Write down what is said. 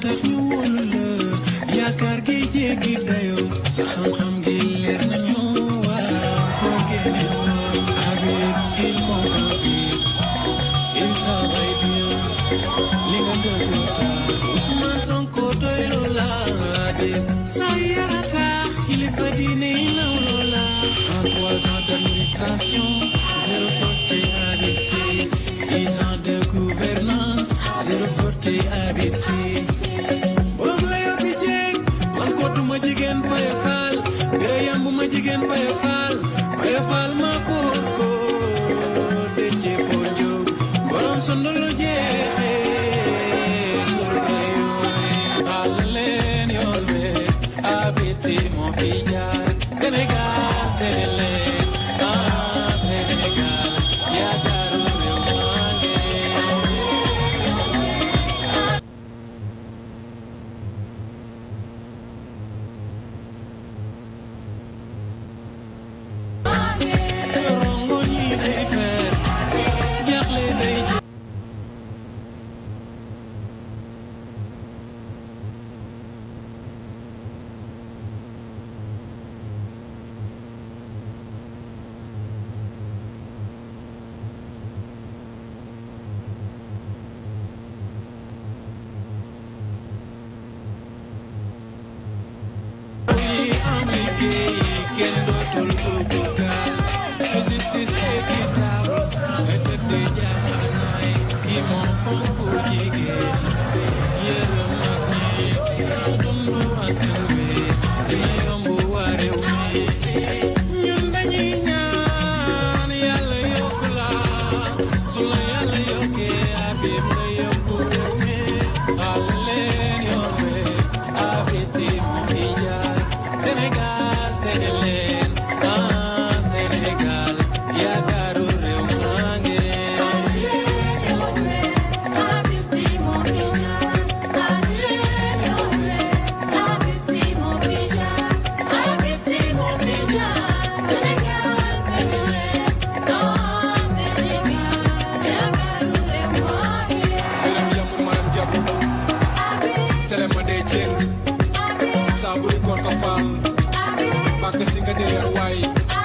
tax ñu wóolu la yaakaar gi jéggi sa xam-xam gi leer nañu waaw koo génne woon Habib il comprend bien il travaille bien li nga dëgg tax Ousmane Sonko doy loola Habib sa yara tax kilifa diine yi law loola en trois ans d'administration zéro faute Habib Sy dix ans de gouvernance zéro faute Habib Sy jigéen Paye Fall bu ma jigéen Paye Fall Paye Fall ko sele ma dey jeng saa buri koor ko faam mbàkk si nga dee waay